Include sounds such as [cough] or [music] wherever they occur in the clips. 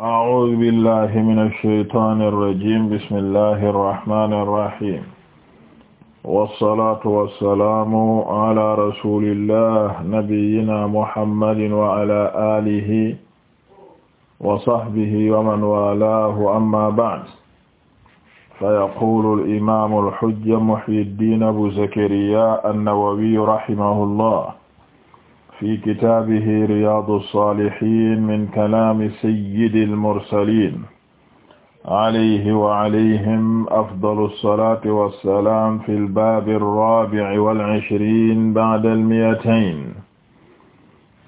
أعوذ بالله من الشيطان الرجيم بسم الله الرحمن الرحيم والصلاة والسلام على رسول الله نبينا محمد وعلى آله وصحبه ومن والاه أما بعد فيقول الإمام الحجة محي الدين أبو زكريا النووي رحمه الله fi kitaabihi riyaadu saalihiin min kalaami sayyidil mursaliin alayhi wa alayhim afdalu salaati wa salaam fil baabi raabi'i wal ishriin ba'dal mi'atayn.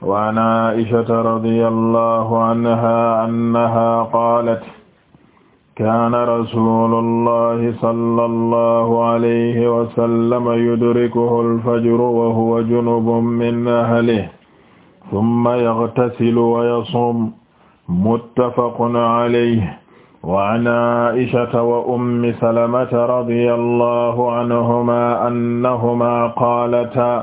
wa an Aa'ishata radiyallaahu anhaa annahaa qaalat kaana rasuulullahi sallallahu alayhi wa sallam yudrikuhu al-fajru wa huwa junubun min ahlihi thumma yaghtasilu wa yasuum muttafaqun alayhi wa an aa'ishata wa ummi salamata radiyallahu anhumaa annahumaa qaalataa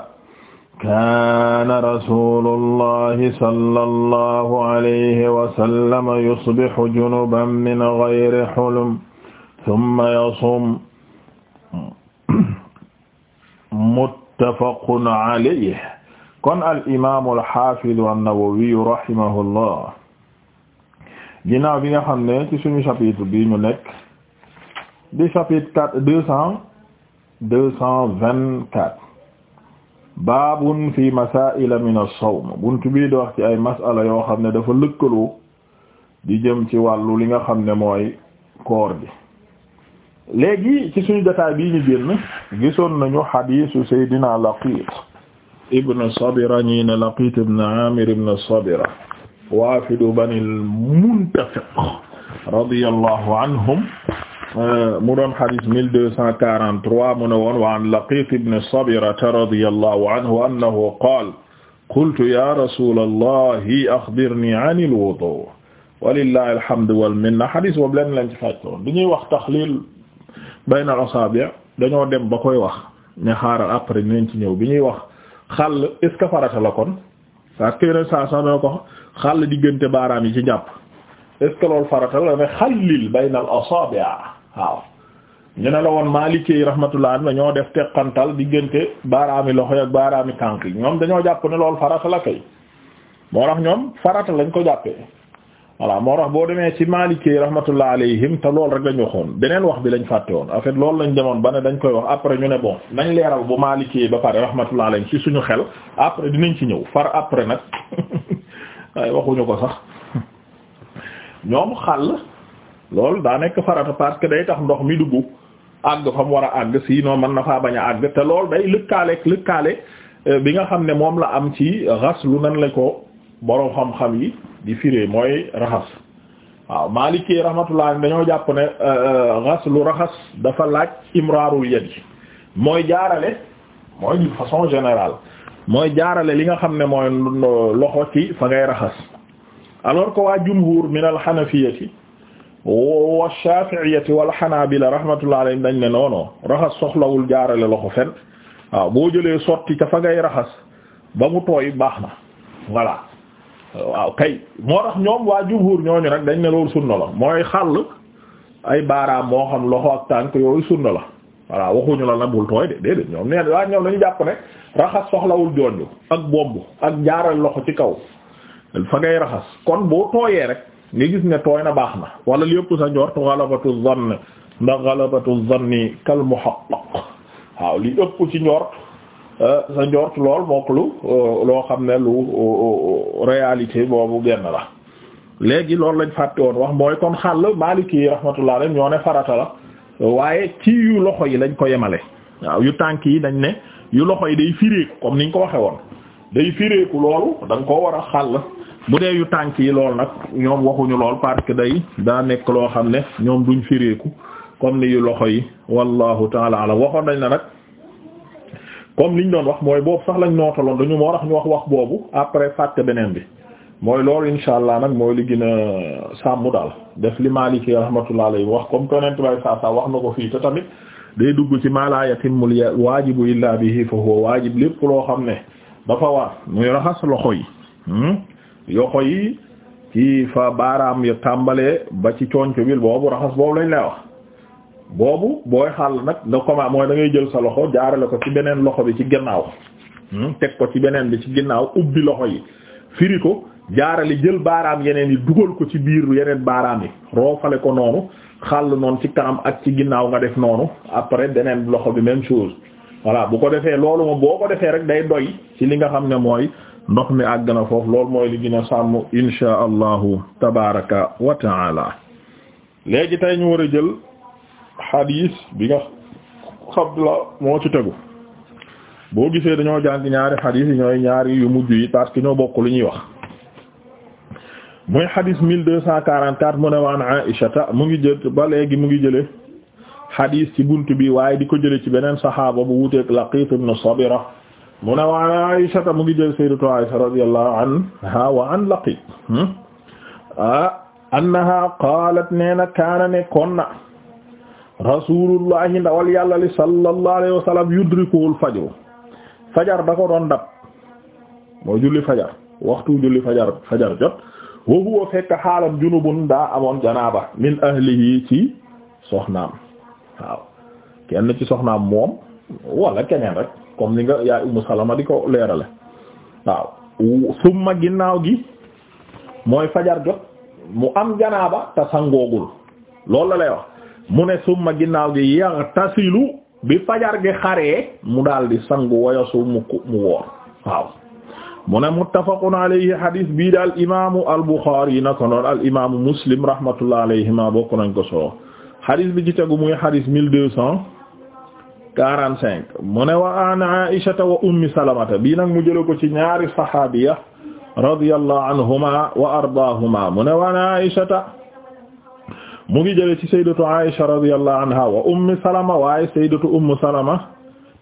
kaana rasulullahi sallallahu alayhi wa sallam yusbihu junuban min ghayri hulm thumma yasum muttafaqun alayhi kon al imaamu al haafidu an-Nawawi rahimahullah ginnaaw bi nga xam ne ci suñu chapitre bi ñu nekk di chapitre quatre deux cent deux cent vingt-quatre baabun fi masaila min as-sawm bunt bii di wax ci ay masala yoo xam ne dafa lëkkaloo di jëm ci wàllu li nga xam ne mooy koor gi léegi ci suñu jotaay bii ñu génn gisoon nañu xadiisu Seydina Laqiit ibn Sabira ñi ne Laqiit ibn Aamir ibn Sabira waafidu Bani al-Muntafiq radiyallahu anhum Euh, mu doon xadis mil deux cent quarante trois mu ne woon wa an Laqiit ibn Sabirata radiyallahu anhu annahu qaala qultu ya rasulallahi axbirni an al-wudu walillahi alhamdu wal minna xadis boobu lenn lañ ci fàccoon di ñuy wax taxliil bayna al-asaabi' dañoo dem ba koy wax ne xaaral après dinañ ci ñëw bi ñuy wax xal est-ce que farata la kon parce que yeneen saa saa ne ko xàll diggante ci jàpp est-ce que loolu farata la ne xallil bayna al-asaabi' waaw ñu ne la woon Maliki yi rahmatullah an dañoo def teqantal diggante baaraami loxo yi ak baaraami tànk yi ñoom dañoo jàpp ne lool farata la kay moo tax ñoom farata lañ ko jàppee voilà moo tax boo demee ci Maliki yi rahmatullah alayhim te loolu rek lañ waxoon beneen wax bi lañ fàtte woon en fait loolu lañ demoon ba ne dañ koy wax après ñu ne bon nañ leeral bu Maliki yi ba pare rahmatullah alayhim ci suñu xel après dinañ ci ñëw far après nag [laughs] waaye waxuñu ko sax loolu daa nekk farata parce que day tax ndox mi dugg àgg fa mu war a àgg noo mën na faa bañ a àgg te loolu day lëkkaale lëkkaale euh, bi nga xam ne moom la am ci lu nan la ko boroom xam-xam yi di firé mooy raxas waaw Maliki rahmatullah dañoo jàpp ne euh, euh, lu raxas dafa laaj imraarul yadi mooy jaarale mooy d'une façon générale mooy jaarale li nga xam ne mooy loxo ci fa ngay raxas alors ko waa jumhur min al hanafiyati wa shafi'iyati wal hanabila rahmatullahi alayhim dañ ne noono raxas soxlawul jaarale loxo fen waaw boo jëlee sotti ca fagay ngay raxas ba mu tooy baax na voilà waaw kay moo tax ñoom waa jumhur ñooñu rek dañ ne loolu sunna la mooy xàll ay baaraam moo xam loxo ak tànk yooyu sunna la voilà waxuñu la na bul tooy de déedéet ñoom nee waa ñoom dañu jàpp ne raxas soxlawul jonju ak bomb ak jaaral loxo ci kaw fa ngay raxas kon boo tooyee rek nga gis ne tooy na baax na wala lépp sa njort galabatu zann ndax galabatu zanni kal muhaqqaq waaw li ëpp ci njort eh, sa njort lool mook lu eh, loo xam ne lu eh, réalité boobu genn la léegi loolu lañ fàtte woon wax mooy kon xàll maliki yi rahmatullah alayhi ñoo ne farata la waaye ci yu loxo yi lañ ko yemale waaw yu tànk yi dañ ne yu loxo yi day firéeku comme niñ ko waxe woon day firéeku loolu da koo war a xàll bu dee yu tànk yi lool nag ñoom waxuñu lool parce que day daa nekk loo xam ne ñoom duñ fireeku comme ni yu loxo yi wallahu taala alam waxoon nañ la nag comme liñ doon wax mooy boobu sax lañ nootaloon dañu moo tax ñu wax wax boobu après fàtte beneen bi mooy loolu insha allah nag mooy li gën a sàmm daal def li Maliki rahmatullah alayhi wax comme konent bay saa saa wax na ko fii te tamit day dugg ci ma la yatimmul waajibu illa bihi fa huwa waajib lépp loo xam ne dafa war muy raxas loxo yi hmm? yoxo yi ci fa baaraam ya tàmbalee ba ci conco bil boobu raxas boobu lañ lay wax boobu booy xàll nag nga commencé mooy da ngay jël sa loxo jaarale ko ci beneen loxo bi ci ginnaaw hmm? teg ko ci beneen bi ci ginnaaw ubbi loxo yi firi ko jaarale jël baaraam yeneen yi dugal ko ci biir yeneen baaraam yi roofale ko noonu xàll noonu ci kanam ak ci ginnaaw nga def noonu après beneen loxo bi même chose voilà bu ko defee loolu moom boo ko defee rek day doy ci li nga xam ne mooy ndox mi àgg na foofu loolu mooy li gën a sàmm insha allahu tabaraka wa taala léegi tey ñu war a jël hadis bi nga xam la moo ci tegu boo gisee dañoo jàng ñaari hadis yi ñooy ñaari yu mujj yi parce que ñoo bokk lu ñuy wax mooy hadis mille deux cent quarante-quatre mu ne waan Aïshata mu ngi jël ba léegi mu ngi jële hadis ci bunt bi waaye di ko jële ci beneen saxaaba bu wuteek Laqiit ibn Sabira mu ne wa Aysata mu ngi jël sayyidatu Aysa radiyallahu anha wa an Laqit hmm? ah, annaha qaalat nee na kaana nekkoon na rasulullahi ndawal yàlla li sallallahu alayhi wa sallam yudrikuhul fajru fajar da ko doon dab moo julli fajar waxtu julli fajar fajar jot wa huwa fekk xaalam junubun daa amoon janaaba min ahlihi ci soxnaam waaw kenn ci soxnaam moom wala keneen rek comme ni nga yaay Ummu Salama di ko leerale waaw summa ginnaaw gi mooy fajar jot mu am janaaba te sangoogul loolu la lay mu ne summa ginnaaw gi yaghtasilu bi fajar gi xaree mu daal di sangu wayasu mu mu woor waaw mu ne muttafaqun alayhi hadith bii daal imaamu al Bukhari na ko noon al imaamu Muslim rahmatullah alayhima bokk nañ ko solo hadith bi ci tegu muy hadith mille deux cents quarante cinq mu ne wa an aishata wa ummi salamata bii nag mu jële ko ci ñaari sahabiya radiyallahu anhuma wa ardaahuma mu ne wa an aishata mu ngi jële ci sayyidatu aisha radiyallahu anha wa ummi salama waaye sayyidatu ummu salama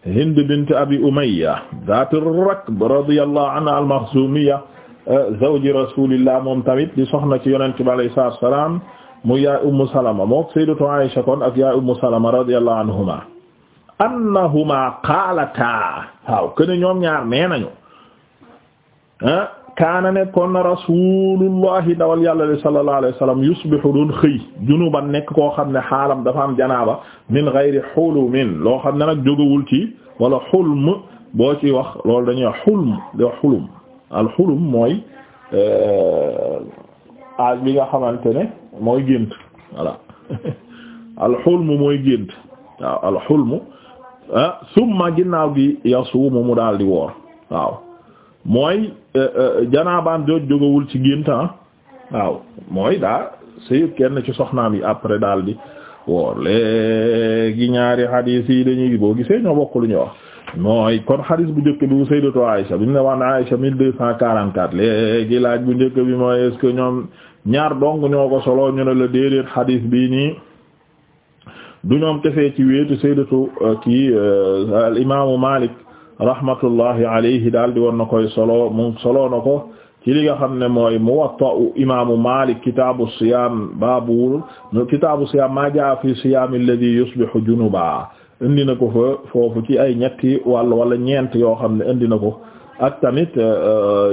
hind bint abi umayya zaat ar-rakb radiyallahu anha al-makhzumiyya zawji rasulillah moom tamit di soxna ci yonent bi alayhi salaatu wa salaam mu yaay ummu salama mook sayyidatu aisha kon ak yaay ummu salama radiyallahu anhuma annahuma qaalataa waaw kene ñoom ñaar nee nañu ah kaana nekkoon na rasulullahi ndawal yàlla li sallallahu alayhi wasallam yusbihu doon xëy junuban nekk koo xam ne xaalam dafa am janaaba min ghayri hulumin loo xam ne nag jógawul ci wala xulm boo ci wax loolu dañuy wax xulm di wax xulum al xulum mooy âge eh, bi nga xamante ne mooy gént voilà [laughs] al xulm mooy gént waaw al xulm Ah, summa ginnaaw gi yasuumu mu daal di woor waaw mooy eh, eh, janaabaan jooj jógawul ci génta ah, waaw mooy daa sëy kenn ci soxnaam yi après daal di woor léegi ñaari xadiis yi dañuy boo gisee ñoo bokk lu ñu wax mooy kon xadiis bu njëkk bi bu sayyidatu Aïsha bi mu ne waan Aïsha mille deux cent quarante-quatre léegi laaj bu njëkk bi mooy est-ce que ñoom ñaar dong ñoo ko solo ñu ne la déedéet xadiis bii nii du ñoom kefee ci wéetu sayyidatu euh, kii euh, al imaamu Malik rahmatullahi alayhi daal di woon na koy solo mu solo na ko ci li nga xam ne mooy mu Muwatta imaamu Malik kitaabu siyaam baabu kitaabu siyaam maa jaa fi siyaam alladhi yusbihu junuba indi na ko fa foofu ci ay ñetti wàll wala ñeent yoo xam ne indi na ko. ak tamit euh,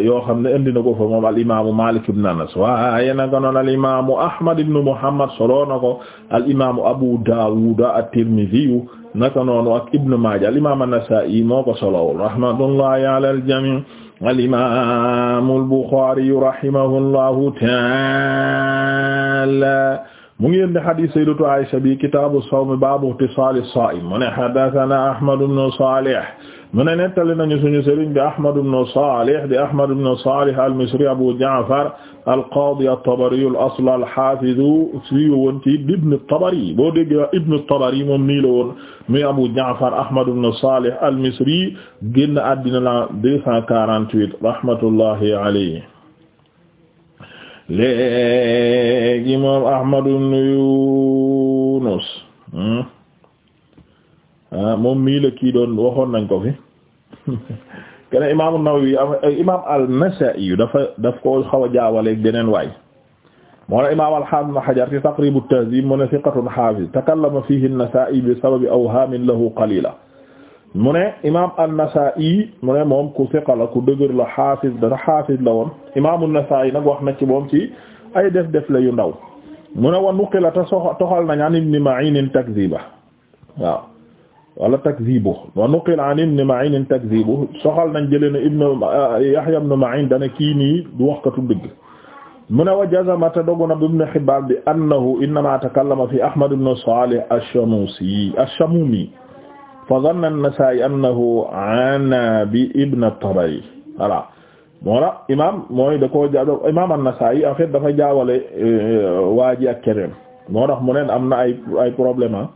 euh, yoo xam ne indi na ko fa moom al imaamu Malik ibn Anas waaye naka noonu al imaamu Ahmad ibn Muhammad solo na ko al imaamu Abu Dawud at-Tirmidhi naka noonu ak Ibn Maaja al imaamu An-Nasa'i moo ko solo rahmatullahi ala al-jami' al imaamu al-Bukhari rahimahullahu ta'ala mu ngi indi hadith sayyidatu Aisha bi kitaabu sawm baabu ihtisaali saa'im mu ne haddathana Ahmad ibn Salih mu ne nettali nañu suñu sëriñ bi Ahmad ibn Salih di Ahmad ibn Salih al-Misri Abu Ja'far al-Qaadi at-Tabari al-asl al-haafiz si woon ci Ibn at-Tabari boo déggee Ibn at-Tabari moom nii la woon muy Abu Ja'far Ahmad ibn Salih al-Misri génn àddina la 248 rahmatullahi alayhi léegi moom Ahmad ibn Yunus hmm? ah, moom mii la kii doon waxoon nañ ko fi [laughs] keneen imaam an-Nawawi eh, imaam an-Nasaa'i dafa daf ko xaw a jaawaleeg beneen waay moo la imaam al-Haafiz Ibn Hajar ci Taqrib at-Tahzib mu ne thiqatun haafiz takallama fihi an-Nasaa'i bi sababi awhaamin lahu qaliila mu ne imaam an-Nasaa'i mu ne moom ku siqa la ku dëgër la xaafis dana xaafis la woon imaamu an-Nasaa'i nag wax na ci moom ci ay def def la yu ndaw mu ne wa nuqila te soxal toxal nañ an Ibn Ma'in takziba waaw wala takzibu wa nuqila an Ibn Ma'in takzibu soxal nañ jëlee ne Ibn ah, Yahya ibn Ma'in dana kii nii du wax katu dëgg mu ne wa jazama te dogu na Ibn Hibbaan bi annahu innama takallama fi Ahmad ibn Salih ash-Shamusi ash-Shamumi fa zanna an-Nasaa'i annahu ana bi ibn at-Tabari voilà moo la imaam mooy da koo ja imaam an-Nasaa'i en fait dafa jaawale euh, waa ji ak keneen moo tax mu ne am na ay ay problème ah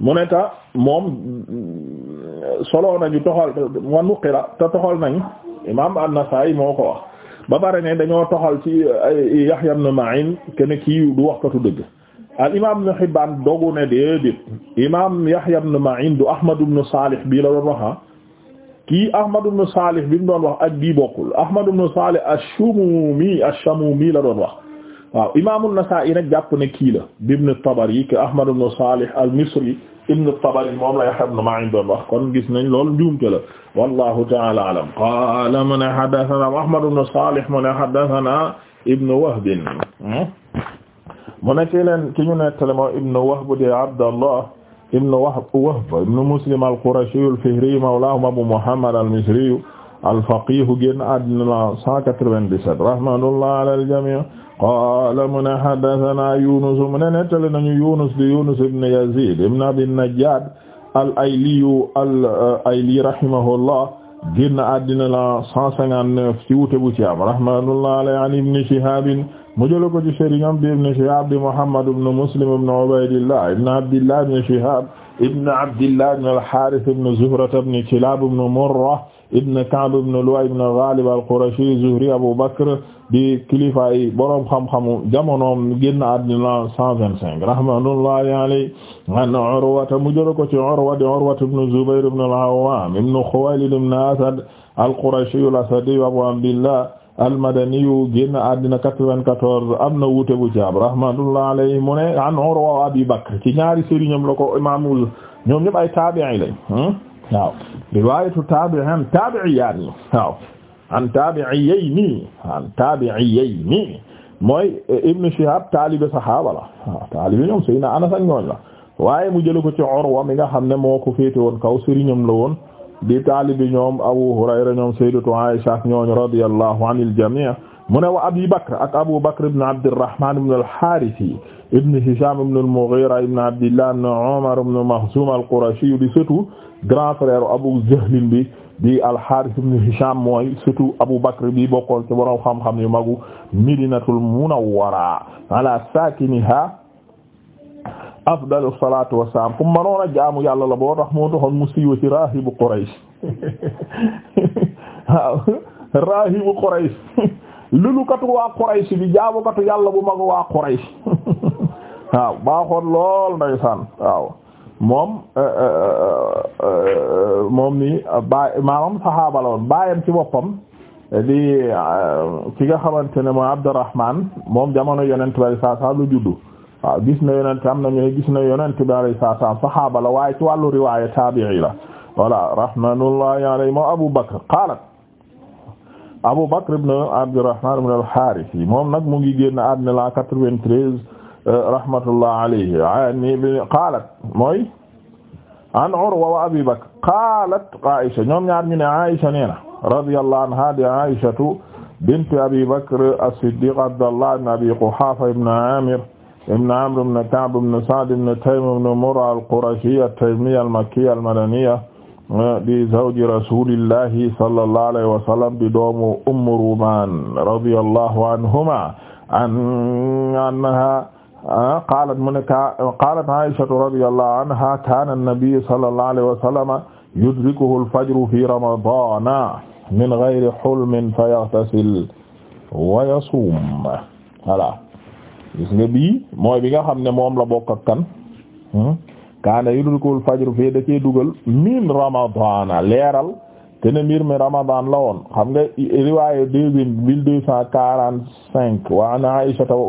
mu ne ta moom euh, solo nañu toxal wa nuqila te toxal nañ imaam an-Nasaa'i moo ko wax ba pare ne dañoo toxal ci Yahya ibn Ma'in kenn kii du waxkatu dëgg al imaam Ibn Hibbaan dogu ne déedéet imaam Yahya ibn Ma'in du Ahmad ibn Salih bii la doon wax ah. kii Ahmad ibn Salih bi mu doon wax ak bii bokkul Ahmad ibn Salih ash-Shumumi ash-Shamumi la doon wax waaw imaam an-Nasaa'i nag jàpp ne kii la ibn Tabari ke Ahmad ibn Salih al-Misri ibn Tabari moom la Yahya ibn Ma'in doon wax kon gis nañ loolu njuumte la wallahu ta'ala a'lam qaala mu ne haddathana Ahmad ibn Salih mu ne haddathana ibn Wahb hmm? mu ne ki leen ki ñu nettale moo ibnu Wahb di Abdallah ibnu Wahb Wahb ibnu Muslim al-Qurashi al-Fihri mawlaahum Abu Muhammad al-Misri al-faqih génn àddina la 197 rahmatullah ala al-jami' qala mu ne haddathana Yunus mu ne nettale nañu Yunus di Yunus ibn Yazid ibn Abi Najjad al-Ayli al-Ayli rahimahullah génn àddina la 159 ci wute bu ci am rahmatullah ala ibn Shihab mu jël ko ci sëriñam bi ibn Shihab di Muhammad ibn Muslim ibn Ubaydillah ibn Abdillah ibn Shihab ibn Abdillah ibn al-Harith ibn Zuhra ibn Kilab ibn Murra ibn Ka'b ibn Lu'ay ibn Ghalib al-Qurashi Zuhri Abu Bakr di kilifa yi boroom xam-xamu jamonoom génn àddina 125 rahmatullahi alayhi an Urwa mu jël ko ci Urwa di Urwa ibn Zubayr ibn al-Awwam ibn Khuwaylid ibn Asad al-Qurashi al-Asadi Abu Abdillah almadaniyu génn àddina 94 am na wuute bu jaab rahmatullah alayhi mu ne an Urwa wa Abi Bakr ñaari sëriñam la ko imaamul ñoom ñëpp ay taabi'i lañ hmm? waaw riwaayatu taabi'an taabi'iyaani waaw an taabi'iyayni an taabi'iyayni mooy eh, Ibn Shihab taalibe saxaaba la waaw taalibe ñoom Seydina Anas ak ñooñ la waaye mu jël ko ci Urwa mi nga xam ne moo ko féete woon kaw sëriñam la woon di taalibi ñoom Abu Hurayra ñoom sayyidatu Aisha ñooñu radiyallahu anil jami' mu ne wa Abi Bakr ak Abu Bakr ibn Abdurrahman ibn al-Harith ibn Hisham ibn al-Mughira ibn Abdillah ibn Umar ibn Makhzum al-Qurashi di sëtu grand frère Abu Jahl bi di al-Harith ibn Hisham mooy sëtu Abu Bakr bi bokkoon ci borom xam-xam yu magu Madinatul Munawwara ala sakiniha afdalu salaatu wassalaam ku mënoon a jaamu yàlla la boo tax moo taxoon mu siiwa ci raahibu Quraysh [laughs] waaw raahibu Quraysh [laughs] lulukatu waa Quraysh bi jaamukatu yàlla bu mag waa Quraysh [laughs] waaw baaxoon lool ndeysaan waaw moom eh, eh, eh, moom ni baay maamam saxaaba baayam ci boppam di ki nga xamante ne mooy Abdurrahman moom jamono yonent bay saa saa lu juddu waaw gis na yonent am nañu ne gis na yonent bi alayhi salaam saxaaba la waaye ci wàllu riwaaya taabi'i la voilà rahmatullahi alayhi moom Abu Bakr qaala Abu Bakr ibn Abdurrahman ibn al-Harith moom nag mu ngi génn àddina la 93 euh, rahmatullahi alayhi yaani qaalat mooy an Urwa wa Abi Bakr qaalat Aisha ñoom ñaar ñu ne Aisha nee na radiyallahu anha di Aishatu bint Abi Bakr as-Siddiq Abdullah ibn Abi Quhafa ibn Amir ibn Amr ibn Ka'b ibn Sa'd ibn Taym ibn Murra al-Qurashiyya at-Taymiyya al-Makkiyya al-Madaniyya di zawji rasulillahi sallallahu alayhi wa sallam di doomu Umm Rumaan radiyallahu anhuma anha qaalat mu ne qaalat Aysatu radiyallahu anha kaana an-nabiyyu sallallahu alayhi wa sallama yudrikuhu al-fajru fi ramadaana min ghayri hulmin fayaghtasil wa yasuum voilà gis nga mooy bi nga xam ne moom la bokk ak kan hmm? kaana yudrikul fajru fee da cee dugal min ramadana leeral te ne mi ramadan la woon xam nga riwaayu deux mille deux cent quarante cinq wa an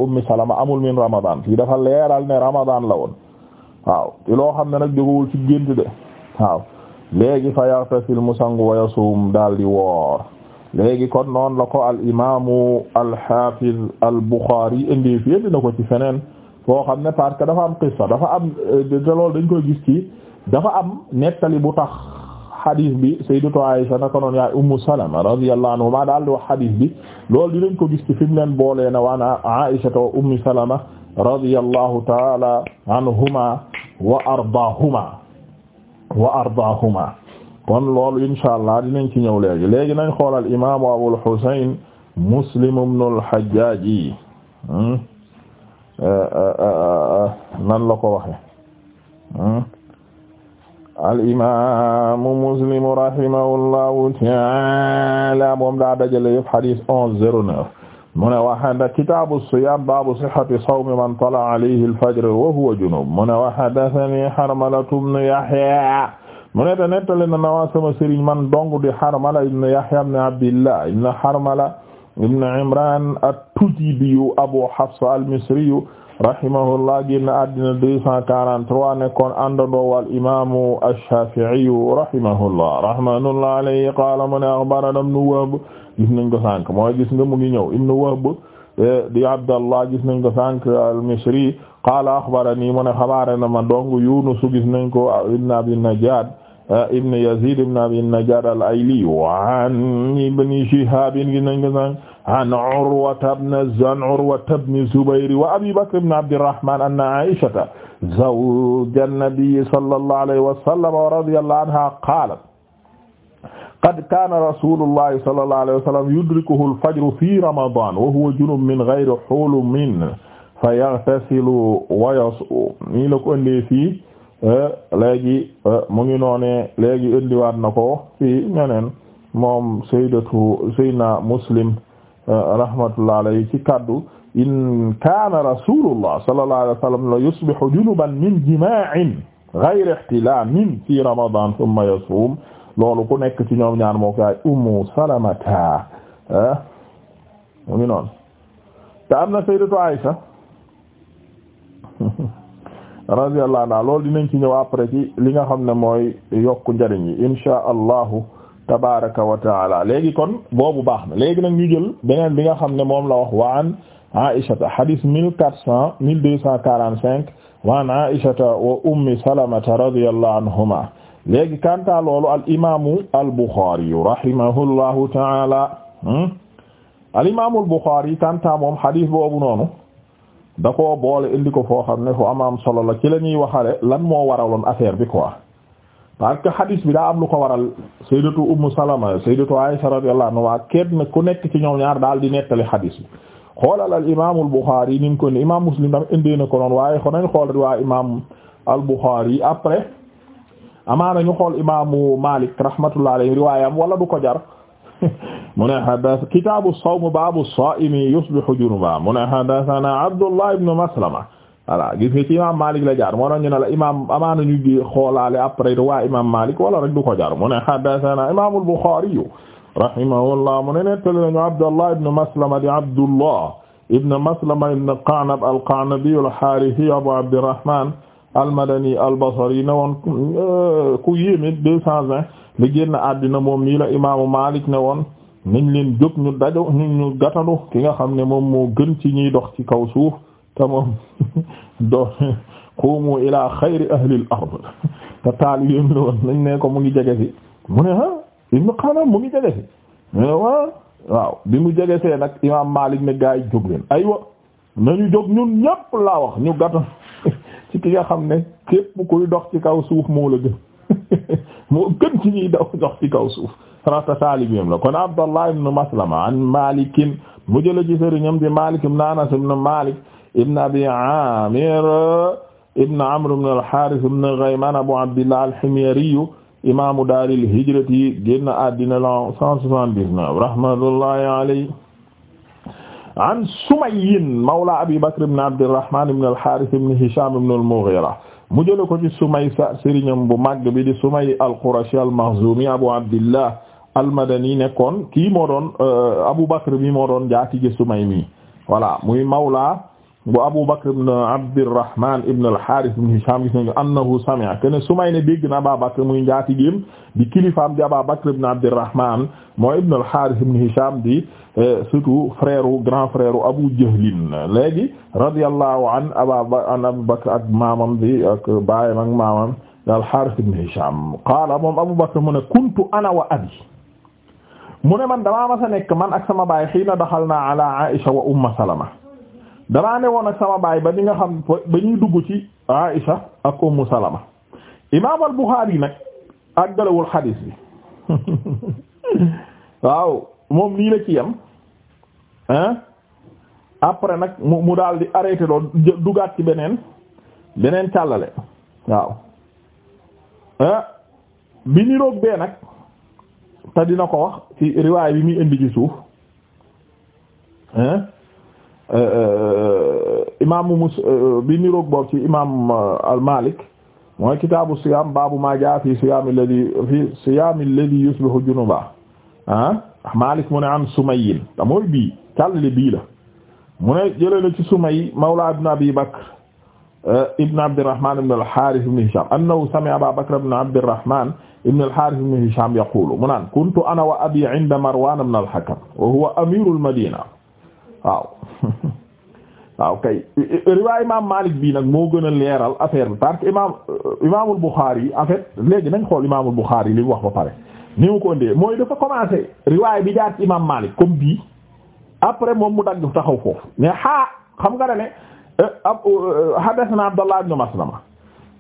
ummi Salama amul min ramadan fii dafa leeral ne ramadan la woon waaw te xam ne nag jógowul ci gént de waaw léegi fa yaxtasil mu sangu wa yasum daal di woor léegi kon noonu la ko al imaamu al hafiz al Bukhari indi fi dina ko ci feneen foo xam ne parce dafa am qissa dafa am euh, te loolu dañ koy gis ci dafa am nettali bu tax xadis bi sayyidatu Aisha naka noonu yaay ummu Salama radiyallahu anhuma daal di wax xadis bi loolu dinañ ko gis ci fi mu leen boolee na waan Aisha wa ummu Salama radiyallahu ta'ala anhuma wa ardaahuma wa kon loolu insha allah dinañ ci ñëw léegi léegi nañ xoolal imaamu Abul Husayn Muslim ibn al-Hajjaj hmm? eh, eh, eh, nan la ko waxe hmm? al-imaamu Muslim rahimahullahu ta'ala moom daa dajale yëpp hadis onze zéro neuf mu ne waxanda kitaabu siyaam baabu sihhati sawmi man tala'a alayhi al-fajr wa huwa junub mu ne wa haddathani Harmalatu ibn Yahya mu ne te nettali na nawaa sama sëriñ man dong di Harmala ibn Yahya ibn Abdillah ibn Harmala ibn Imran at Abu Hafsa al-Misriyu rahimahullah génn àddina deux cent quarante-trois nekkoon àndandoo al imaamu ash-Shafi'iyu rahimahullah rahmatullah mu ne akhbarana ibn gi gis nañ ko sànq mooy gis nga mu ngi ñëw ibn Wahb eh, di Abdallah gis nañ ko sànq al-Misri qaala akhbarani mu ne na ma dong Yunus gis nañ ko ibn Abi Najjad Ah, ibn Yazid ibn Abi Najjar al-Ayli wa an ibn Shihab ginañ ko san an Urwata ibn an Urwata ibn Zubayr wa Abi Bakr ibn Abdirrahman anna Aishata zawja an-nabi sallallahu alayhi wa sallam wa radiyallahu anha qalat qad kaana rasulullahi sallallahu alayhi wa sallam yudrikuhu al-fajru fi ramadan wa huwa junub min ghayri hulumin fayaghtasilo wa yasuum nii la ko ëndee fii Eh, léegi eh, mu ngi noone léegi indiwaat na ko fi ñeneen moom sayyidatu sayyidina Muslim eh, rahmatullah alayhi ci kaddu in kaana rasulullah sallallahu alayhi wa sallam la yusbihu junuban min jimaa'in ghayri ihtilaamin fi ramadan thumma yasuum loolu ku nekk ci ñoom ñaar moo ko ay ummu salamata mu ngi noon te am na sayyidatu Aisha [laughs] radiyallahu anhu loolu dinañ ci ñëw après ci li nga xam ne mooy yokku njariñ yi insha allahu tabaraka wa taala léegi kon boobu baax na léegi nag ñu jël beneen bi nga xam ne moom la wax wa an aishata hadith mille quatre cent mille deux cent quarante cinq wa an aishata wa ummi salamata radiyallahu anhuma léegi kanta loolu al imamu al bukhari rahimahullahu taala hmm? al imamu al bukhari kanta moom hadith boobu noonu da koo boole indi ko foo xam ne fu am am solo la ci la ñuy waxale lan moo woon affaire bi quoi parce que hadis bi daa am lu ko waral sayyidatu ummu salama sayyidatu aisha radiyallahu anha waa kenn ku nekk ci ñoom ñaar daal di nettali hadis bi xoolal al imam al bukhari ni mu ko ni imam muslim tam indi na ko noonu waaye xo nañ xool waa imam al bukhari après amaana ñu xool imaamu malik rahmatullahi alayhi am wala du ko jar [laughs] mu ne haddasa kitaabu sawm baabu saa'imi yusbihu junuban mu ne haddasana Abdullah ibn Maslama voilà gis nga ci imaam Malik la jaar moo tax ñu ne la imaam amaana ñu ngi xoolaale après waa imaam Malik wala rek du ko jaar mu ne haddasana imaamul Bukhari rahimahullah mu ne nettali nañu Abdullah ibn Maslama di Abdullah ibn Maslama ibn Qa'nab al-Qa'nabi al-Harithi Abu Abdirrahman almadani yi ne woon euh, ku yéeme deux cent vingt la génn àddina moom nii la imaamu Malik ne woon nañ leen jóg ñu dajo ñu ñu gàttanu ki nga xam ne moom moo gën ci ñiy dox ci kaw suuf te moom [laughs] do qumu ila xayri ahlil ard te taalibeem la woon nañ ne ko mu ngi jege si mu ne ah Ibn Qanam mu ngi jege si mu waaw bi mu jege see nag imaam Malik ne gaa yi jóg leen aywa nañu jóg ñun ñépp laa wax ñu gàttanu ci ki nga xam ne képp kuy dox ci kaw suuf moo la gën [laughs] moo gën ci ñuy daw dox ci kaw suuf rata taalibeem la kon Abdallah ibn Maslama an Malikin mu jële ci sëriñam di Malik ibn Anas ibn Malik ibn Abi Amir ibn Amr ibn al-Harith ibn Ghayman Abu Abdillah al-Himyari imaamu daaril hijrati génn àddina la 179 rahmatullahi alayhi an Sumayy mawla Abi Bakr ibn Abdirrahman ibn al-Harith ibn Hisham ibn al-Mughira mu jële ko ci Sumay sa sëriñam bu màgg bi di Sumay al-Qurashi al-Makhzumi Abu Abdillah al-Madani nekkoon kii moo doon euh, Abu Bakr bi moo doon jaatige Sumay mi voilà muy mawla bu Abu Bakr ibn Abdirrahman ibn al-Harith ibn Hisham gis nañu annahu sami'a ken Sumayna dégg na Abu Bakr muy njaatigéem di kilifaam di Abu Bakr ibn Abdirrahman moo ibn al-Harith ibn Hisham di eh, surtout frère grand frère Abu Jahlin léegi radiyallahu an Abu Bakr ak maamam bi ak baayam ak maamam al-Harith ibn Hisham qaala moom Abu Bakr mu ne kuntu ana wa abi mu ne man damaa mas a nekk man ak sama baay hiina daxalnaa ala Aisha wa Umma Salama damaa ne woon ak sama baay ba ni nga xam ba ñuy dugg ci Aïcha ak Ummu Salama imaam al-Bukhari nag àggalewul xadiis bi [laughs] waaw moom nii la ci yam hein après nag mu mu daal di arrêté doon dugaat ci beneen beneen càllale waaw ah bi niroog bee nag te dina ko wax ci riwaay bi muy indi ci suuf hein Euh, euh, euh, imaamu mus bi niroog boobu ci imaam al-Malik mooy kitaabu siyaam baabu maa jaa fi siyaam alladhi fi siyaam alladhi yusbihu junuba ah Malik mu ne an Sumayyin te ah, mooy bii càllale bii la mu ne jëlee na ci Sumay mawla ibn Abi Bakr ibn Abdirrahman ibn al-Harith ibn Hisham annahu sami'a Aba Bakr ibn Abdirrahman ibn al-Harith ibn Hisham yaqulu mu naan kuntu ana wa abi 'inda Marwan ibn al-Hakam wa huwa amirul Madina waaw [laughs] waaw kay riwaay imaam Maalik bii nag moo gën a leeral affaire bi parce que imaam euh, imaamul Buxaari en fait léegi nañ xool imaamul Buxaari li mu wax ba pare ni mu ko indee mooy dafa commencé riwaay bi jaar ci imaam Maalik comme bii après moom mu dagg taxaw foofu mais xaa xam nga da ne euh, euh, hadathana Abdallah ibn Maslama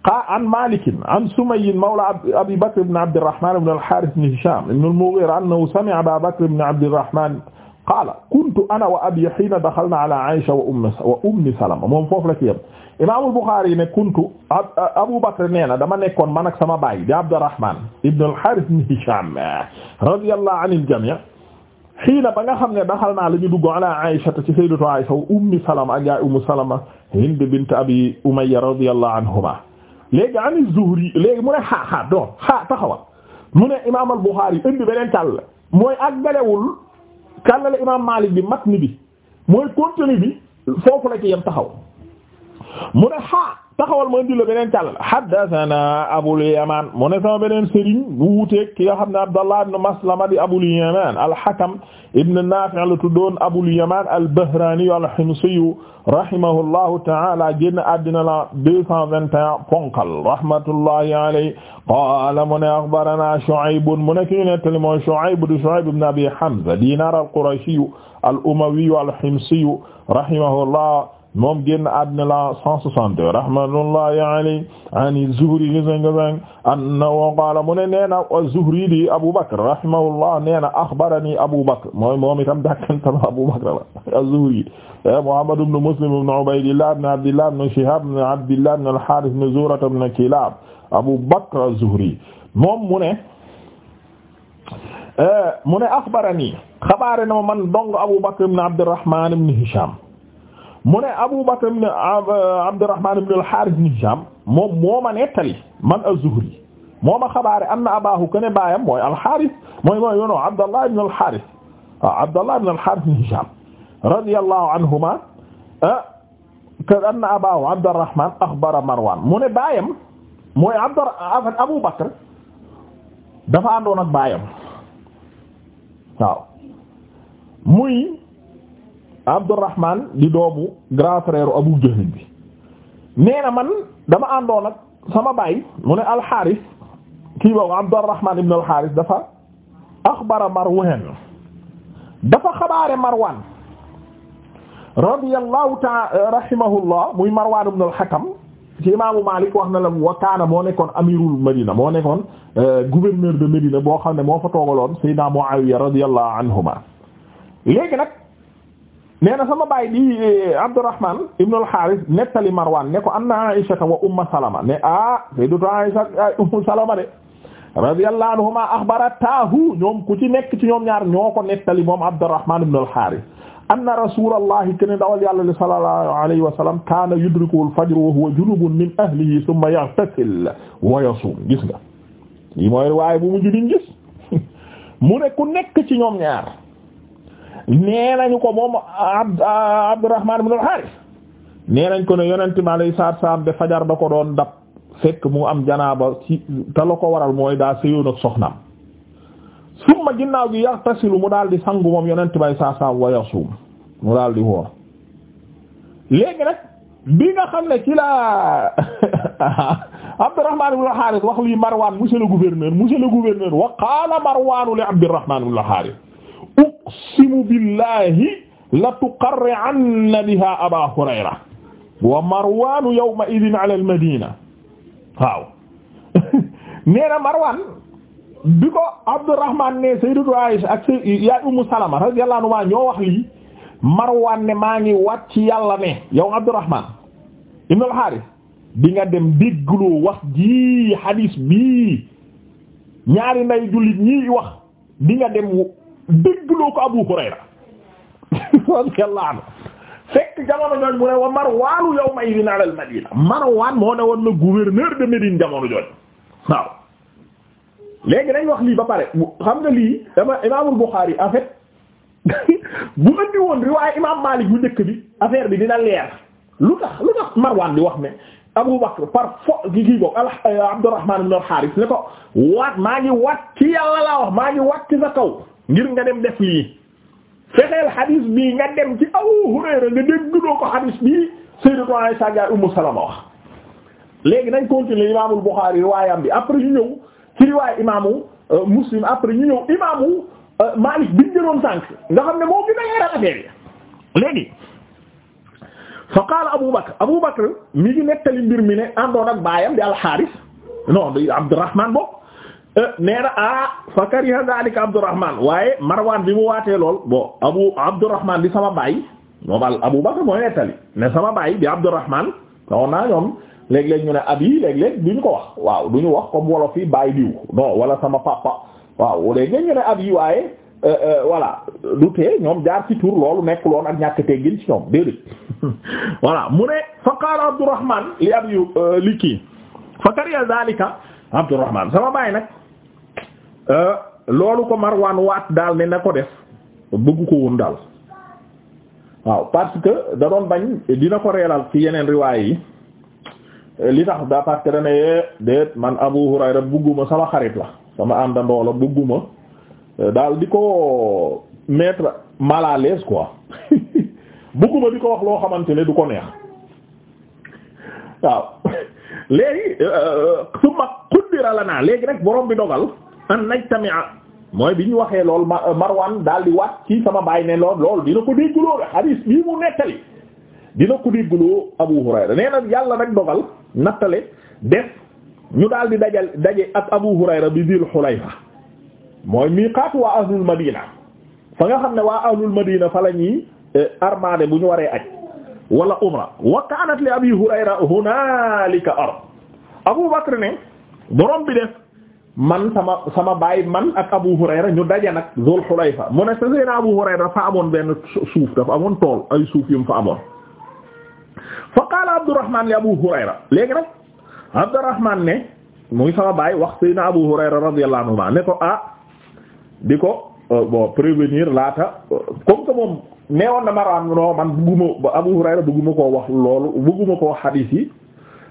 qa an Malikin an Sumayyin mawla Abi Bakr ibn Abdirrahman ibn al-Harith ibn Hisham ibn al-Mughira annahu sami'a Aba Bakr ibn Abdirrahman qaala kuntu ana wa abi hiina daxalna ala Aïsha wa ummi wa ummi Salama moom foofu la ci yem Imaamul Buxaari ne kuntu Abu Bakr nee na dama nekkoon man ak sama baay di Abdurrahmaan ibn al-Haaris ibn Hishaam radiyallahu anil jamii' hiina ba nga xam ne daxalna la ñu dugg ala Aïsha ci sayyidatu Aïsha wa ummi Salama ak yaay ummu Salama Hind bint Abi Umayya radiyallahu anhumaa léegi ani Zuhri léegi mu ne xaa xaa doon xaa taxawal mu ne Imaamul Buxaari indi beneen tàll mooy ak galewul kàllale imaam Maalik bi matn bi mooy contenu bi foofu la ci yem taxaw mu ne xaa taxawal ma indi la beneen càll haddathana Abul Yaman mu ne sama beneen sëriñ bu wuuteeg ki nga xam ne Abdallah ibn Maslama di Abul Yaman al-Hakam ibn Nafi' la tuddoon Abul Yaman al-Bahrani al-Himsi rahimahullahu ta'ala génn àddina la 221 ponkal rahmatullahi alayhi qaala mu ne akhbarana Shu'ayb mu ne ki ñu nettali mooy Shu'ayb di Shu'ayb ibn Abi Hamza Dinar al-Qurashi al-Umawi al-Himsi rahimahullah moom génn àddina la 162 rahmatullahi alayhi an Zuhri gisanga-sang anna wo qaala mu ne nee na Zuhri di Abu Bakr rahimahullah nee na akhbarani Abu Bakr mooy moom itam dàkkantam Abu Bakr la az-Zuhri eh, Muhammad ibn Muslim ibn Ubaydillah ibn Abdillah ibn Shihab ibn Abdillah ibn al-Harith ibn Zurah ibn Kilab Abu Bakr az-Zuhri moom mu ne eh, mu ne akhbarani xabaare na man dong Abu Bakr ibn Abdurrahman ibn Hisham mu ne Abu Bakr ibn euh, Abdurrahman ibn al-Harith ibn Hisham moom moo ma nettali man az-Zuhri moo ma xabaare anna abaahu kene baayam mooy al-Harith mooy mooy yoonu Abdallah ibn al-Harith waaw ah, Abdallah ibn al-Harith ibn Hisham radiyallahu anhuma ah, ka anna abaahu Abdurrahman axbara Marwan mu ne baayam mooy Abdur Abu Bakr dafa àndoon ak baayam waaw muy Abdurrahman di doomu grand frère Abu Jahl bi nee man dama àndoon ak sama baay mu ne alxaaris kii boobu Abdurrahman ibn alxaaris dafa axbara Marwan dafa xabaare Marwan radiyallahu ta'ala rahimahullah muy Marwan ibn al-Hakam ci imaamu Malik wax na la wa kaana moo nekkoon amirul Medina moo nekkoon euh, gouverneur de Medina boo xam ne moo fa toogaloon Seydina Muawiya radiyallahu anhuma léegi nag nee na sama baay di eh, Abdurrahman ibn al-Harith nettali Marwan ne ko anna Aisha wa Umma Salama ne ah sayyidatu Aisha ay eh, Ummu Salama de radiyallahu anhuma akhbaratahu ñoom ku ci nekk ci ñoom ñaar ñoo ko nettali moom Abdurrahman ibn al-Harith anna rasulallahi kene dawal yàlla li sallallahu alayhi wa sallam kaana yudrikuhu al-fajr wa huwa junubun min ahlihi thumma yaghtasil wa yasum gis nga lii mooy waaye bu mujj diñ gis [laughs] mu ne ku nekk ci ñoom ñaar nee nañu ko moom Abd Abdurrahman ibn al ko ne yonent mi alayhi salaatu salaam de fajar da ko doon dab fekk mu am janaaba ci te la ko waral mooy daa séyoon ak soxnaam summa ginnaaw gi yaxtasilu mu daal di sangu moom yonent bay saa saa wa yasum mu daal di woor léegi nag bi nga xam ne ci la [laughs] Abdurrahman ibn al-Harith wax lii Marwan monsieur le gouverneur monsieur le gouverneur wa qaala Marwan li Abdurrahman ibn al uqsimu billahi la tuqarri'anna biha aba hurayra wa marwaanu yawma idin ala al madina waaw [laughs] marwaan bi ko abdurrahman ne sayyidatu aisha ak yaay ummu salama radiyallahu anha ñoo wax lii marwaan ne maa ngi wat ci yàlla ne yow abdurrahman ibn al harith bi nga dem déggloo wax ji hadis bii ñaari nday jullit ñii wax di dem déggloo ko Abu Hurayra [laughs] radiyallahu anhu fekk jamono jooju mu ne wa Marwaanu yawma idin ala al Marwaan moo ne woon na gouverneur de Médine jamono jooju waaw léegi dañ wax lii ba pare xam nga lii dama Imaamul Bukhari en fait [laughs] woon riwaay Imaam Maalik bu njëkk bi affaire bi dina leer lu tax lu tax Marwaan di wax ne Abu Bakr par fo gi kii boog Abdurrahmaan ibn al-Haaris ne ko waat maa ngi waat ci laa wax maa ngi waat ci sa kaw. ngir nga dem def lii fexeel xadis bii nga dem ci Abu Hurayra nga dégguloo ko xadis bii Sayyidatu Aisha ga Ummu Salama wax léegi nañ continue imaamul Bukhari riwaayam bi après ñu ñëw ci riwaay imaamu euh, Muslim après ñu ñëw imaamu euh, Maalik biñ jëloon sànq nga xam ne moo gën a yeral affaire yi léegi fa qaala Abu Bakr Abu Bakr mi ngi nettali mbir mi ne àndoon ak baayam di Al Haaris non di Abdurrahmaan bokk Euh, nee na ah fa kariha daalika waaye marwaan bi mu waatee lool bon abu Abdurrahman di sama baay moomal Abu Bakr sama baay bi Abdurrahman xawoon naa ñoom léeg-léeg ñu ne ab yi ko wax waaw duñu wax comme wolof yi baay diw non wala sama papa waaw léeg-léeg ñu ne ab yi waaye euh, euh, voilà du tee ñoom jaar ci tur loolu nekk loon ak ñàkk teggin ci ñoom déedéet [laughs] voilà mu ne fa qaala Abdurrahman li ab yu li kii fa kariha sama baay nag. Euh, loolu ko Marwan waat daal ne na ko def bëggu ko woon daal waaw parce que da doon bañ dina ko reelal ci yeneen riwaay yi li tax da parce que dana yee eh, déet man Abu Hurayra bëgguma sama xarit la sama àndandoo la bëgguma daal di ko mettre mal à l'aise [laughs] di ko wax loo xamante ne du ko neex waaw [laughs] léegi euh, euh, su ma xuddira la naa léegi rek borom bi dogal an a mooy bi ñu waxee lool euh, Marwan daal di waat ci sama baay ne lool lool dina ko déggloo hadis bii mu nettali dina ko déggloo Abu Hurayra nee yàlla nag dogal nattale def ñu daal di dajal daje ak Abu Hurayra bi Dil Hulayfa mooy miiqaatu waa ahlul Madina fa nga xam ne waa ahlul Madina fa la ñuy euh, armade bu ñu waree aj wala umra wa kaanat li Abi Hurayra hunaalika ard Abu Bakr ne borom bi def. man sama sama baay man ak Abu Hurayra ñu daje nag Zul Hulayfa mu ne sa Abu Hurayra dafa amoon benn suuf dafa amoon tool ay suuf yu mu fa amoon fa qaala Abu Hurayra léegi nag Abdurrahman ne muy sama baay wax Seydina Abu Hurayra radiyallahu anhu ne ko ah di ko euh, laata euh, comme que moom na ma raam man bëgguma Abu ko wax loolu bëgguma koo xadiis yi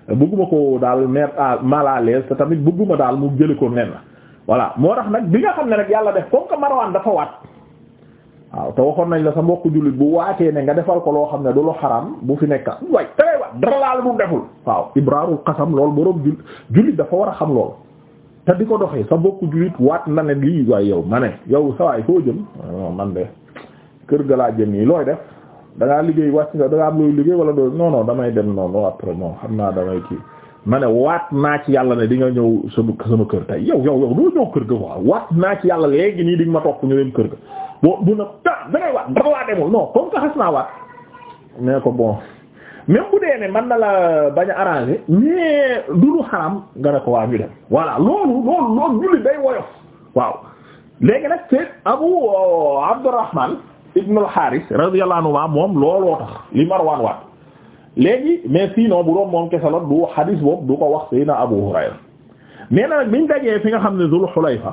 bëgguma ko daal mer mal à l'aise te tamit bëgguma daal mu jëli ko nen voilà moo tax nag bi nga xam ne rek yàlla def comme que Marwan dafa waat waaw te waxoon nañ la sa mbokk jullit bu waatee ne nga defal ko loo xam ne du lu xaram bu fi nekka way te ngay waat dara laal du deful waaw ibraarul qasam loolu boroom jul jullit dafa war a xam loolu te di ko doxee sa mbokku jullit waat na ne lii waaye yow ma ne yow sa waay foo jëm ah, man de kër ga laa jëm looy def da liggéey wàcc nga da ngaa am looy liggéey wala doo non non damay dem noonu après non xam naa damay kii ma ne naa ci yàlla ne di nga ñëw sama sama kër tey yow yow yow doo ñëw kër ga waaw waat naa ci yàlla léegi nii di nga ma demul non comme que xas naa waat mais ko bon même bu dee ne man na la bañ a arrangé mais xaram nga ne ko waa ñu dem voilà loolu loolu loolu ñu day woyof waaw léegi nag c'est Abu euh, Abdurrahman ibn al-Haris radiyallahu anhu moom looloo tax li Marwan waat léegi mais sinon bu doon moom kese la du xadis boobu du ko wax Seydina Abu Hurayra mais nag biñ dajee fi nga xam ne Zul Hulayfa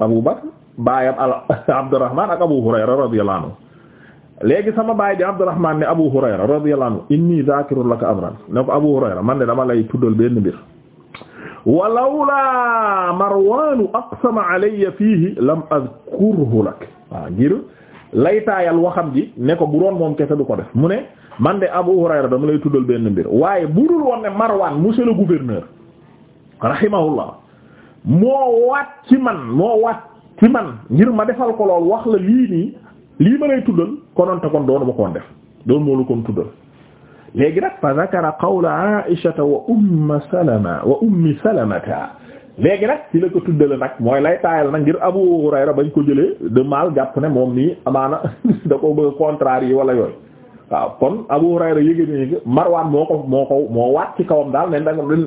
Abu Bakr baayam [laughs] Abdurrahman ak Abu Hurayra radiyallahu anhu léegi sama baay di Abdurrahman ne Abu Hurayra radiyallahu anhu inni zakirun laka amran ne ko Abu Hurayra man de dama lay tuddal benn mbir walawla Marwanu aqsama alayya fihi lam azkurhu lak waaw ngir laytaayal waxam ji ne ko bu doon moom kese du ko def mu ne man de Abu Hurayra dama lay tuddal benn mbir waaye bu dul woon ne Marwan monsieur le gouverneur rahimahullah moo waat ci man moo waat ci man ngir ma defal ko lool wax la lii nii lii ma lay tuddal konoon te kon doonu ma koon def doon moo la koon tuddal léegi nag fa zakara qawla Aisha wa ummi Salama wa ummi Salamata léegi nag ci la ko tuddale nag mooy lay taayal nag ngir Abu Hurayra bañ ko jëlee de mal jàpp ne moom nii amaana [laughs] da ko bëgg contraire yi wala yooyu waaw kon Abu Hurayra yëge ni Marwaan moo ko moo ko moo waat ci kawam daal ne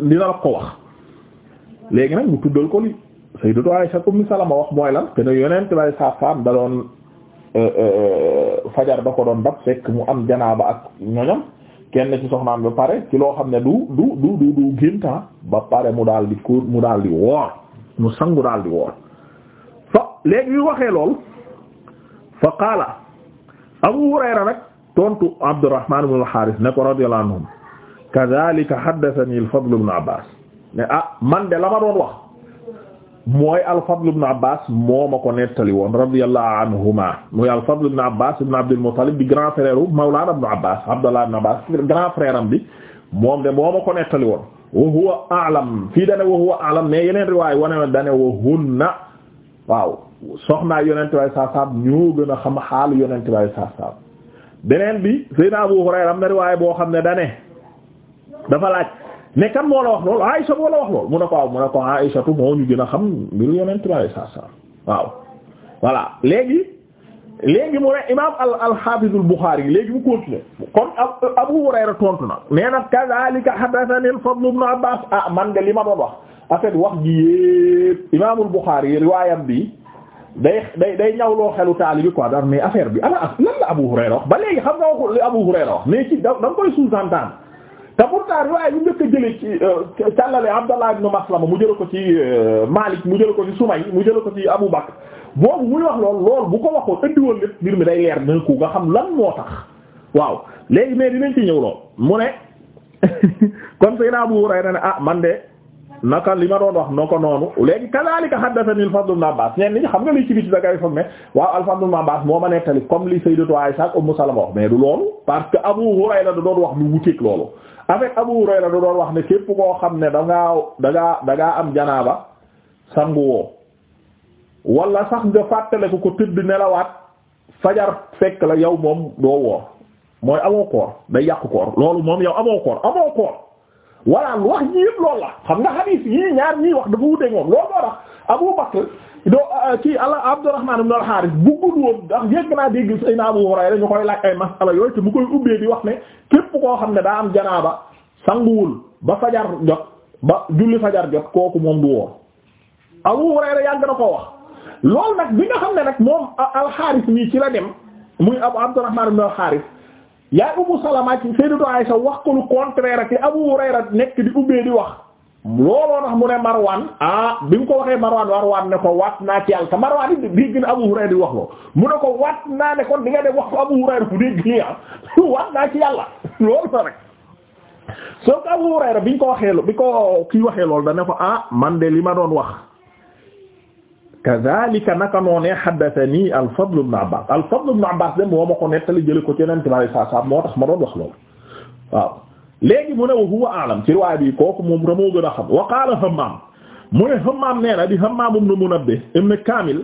dina la ko wax léegi nag mu tuddal ko li Sayyidatu Aisha ummu Salama wax mooy lan kene yonent lay sa faam da doon euh, euh, euh, fajar da ko doon dab fekk mu am janaaba ak ñoñam kenn ci soxnaam ba pare ci loo xam ne du du du du ah. ba pare mu daal di ko mu daal di woor mu sangu daal di woor fa léegi yu waxee lool fa qaala Abu Hurayra nag tontu Abdurrahman ibn al-Harith ne ko radiyallahu anhum kadhalika haddathani al-Fadl ibn Abbas ne ah man de la ma doon wax mooy al-Fadl ibn Abbas moo ma ko nettali woon radiyallahu anhuma mooy al-Fadl ibn Abbas ibn Abdul Muttalib di grand frère u mawlana bi moom de moo ma ko nettali woon wa huwa a'lam fii dane wa huwa a'lam mais yeneen riwaay wane dane wa hunna waaw soxnaa yonente way saa saab gën a xam xaalu yonente way saa saab bi Seydina Abu Hurayra am na riwaay boo xam ne dane dafa laaj mais kan moo la wax loolu Aïcha moo la wax loolu mu ne ko waaw mu ne ko Aïcha tu moo ñu gën a xam mbiru yonent bi alayhi salaam waaw voilà léegi léegi mu ne imaam al al-Hafiz al-Bukhari léegi mu continué kon Abu Hurayra tontu na nee na kazaalika haddathani al-Fadl ibn Abbas ah man de li ma doon wax en fait wax ji yépp imaam al-Bukhari riwaayam bi day day day ñaw loo xelu taalibi quoi daal mais affaire bi ala lan la Abu Hurayra wax ba léegi xam nga waxul li Abu Hurayra wax mais ci da nga koy sous-entendre te pourtant riwaay yu njëkk a jëlee ci euh, càllale Abdallah ibn Maslama mu jële ko ci euh, Malik mu jële ko ci Sumay mu jëla ko ci Abu Bakr boobu muy wax lool lool bu ko waxoon indi ngir mi day leer na ko nga xam lan moo tax waaw léegi mais dinañ ci ñëw lool mu ne [laughs] kon Seydina Abu Hurayra ne ah man de naka li ma doon wax noo noonu léegi kadhalika haddathani al-Fadl ibn Abbas ñenn xam nga li ci biti da ngay foog ne waaw al-Fadl ibn Abbas moo ma nettali comme li Sayyidatu Aisha mais du loolu que Abu Hurayra da doon wax lu wuteek loolu avec Abu Hurayra da doon wax ne képp koo xam ne da ngaa da ngaa am janaaba sangu woo wala sax nga fàttale ko ko tëdd nelawaat fajar fekk la yow moom doo woor mooy amoo koor day yàqu koor loolu moom yow amoo koor amoo koor voilà wax ji yëpp loolu la xam nga xadiis yii ñaar ñii wax dafa wuteek moom loolu moo tax Abu Bakr do euh, kii ala Abdurrahman ibn al-Harith buggul woon ndax yegg naa dégg Seydina Abu Hurayra ñu koy laaj ay masala yooyu te mu koy ubbee di wax ne képp koo xam ne daa am ba sanguwul ba fajar jot ba julli fajar jot kooku moom du woor Abu Hurayra yàgg na ko wax loolu nag bi nga xam ne nag moom al-Harith mii ci la dem muy Abu Abdurrahman ibn al-Harith yaay wax ko lu contraire nekk di ubbee di wax looloo tax mu ne Marwan ah bi mu ko waxee Marwan Marwan ne ko waat naa ci yàlla te Marwan it dégg Abu Hurayra di wax loo mu ne ko waat naa ne kon di nga wax ko Abu Hurayra bu dégg nii ah [laughs] waat naa ci yàlla [laughs] loolu la bi ko waxee bi waxee loolu da ne ko ah man de li ma doon wax. kadhalika naka noonee haddathani al-Fadl ibn Abbas al-Fadl ibn Abbas de moo ma ko nettali jëlee ko ci yeneen tubaab yi saa moo tax ma doon wax loolu waaw. léegi mu ne wa huwa a'lam ci riwaay bi kooku moom damoo gën a xam wa qaala Hammaam mu ne Hammaam nee na di Hammaam ibn Munabbih ibn Kaamil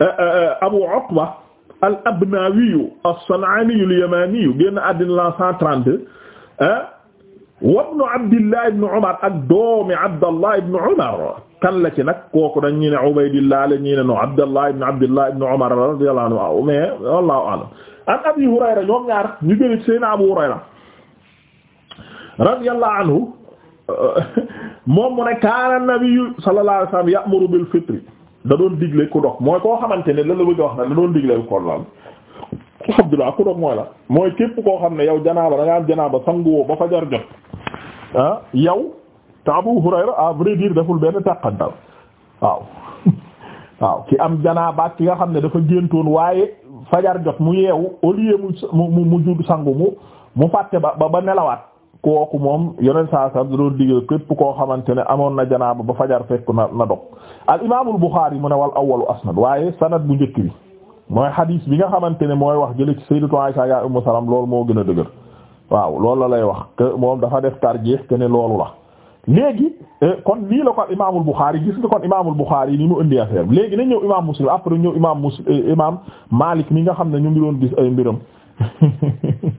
eh, eh, eh, Abu Uqba al-Abnaawi as-San'aani al-Yamaani génn àddina la 132 wa ibn Abdillah ibn Umar ak doomi Abdallah ibn Umar kan la ci nag kooku dañ ñu ne Ubaydillah la ñu ne no Abdallah ibn Abdillah ibn Umar radiyallahu anhu mais wallahu a'lam an Abi Hurayra ñoom ñaar ñu gën a Seydina Abu Hurayra radiyallahu anhu [laughs] moom mu ne kaana nabiyyu sallallahu alayhi wasallam ya'muru bil fitri da doon digle ku dox mooy koo xamante ne la la bëgg a wax nag da doon digle ko laal alhamdulillah ku dox mooy la mooy képp koo xam ne yow janaaba da nga am janaaba sanguwoo ba fajar jot ah yow te Abu Hurayra à deful benn tàqantal waaw [laughs] waaw ki am janaaba ki nga xam ne dafa géntoon waaye fajar jot mu yeewu au lieu mu mu mu jud sangu mu mu fàtte ba ba nelawaat kooku moom yeneen saa sax doon képp koo xamante ne amoon na janaaba ba fajar fekk na na dog al imaamul Buxaari mu ne wal awwalu asnad waaye sanad bu njëkk bi mooy xadiis bi nga xamante ne mooy wax jële ci sayyidatu Aysa ya Ummu Salaam loolu moo gën a dëgër waaw loolu la lay wax moom dafa def tarjeex que ne loolu la. léegi eh, kon lii la ko imaamul Buxaari gis nga kon imaamul Buxaari ni mu indi affaire léegi nañ ñëw imaam Muslim après ñëw imaam Muslim eh, imaam Maalik mi nga xam ne ñu ngi doon gis ay mbiram. [laughs]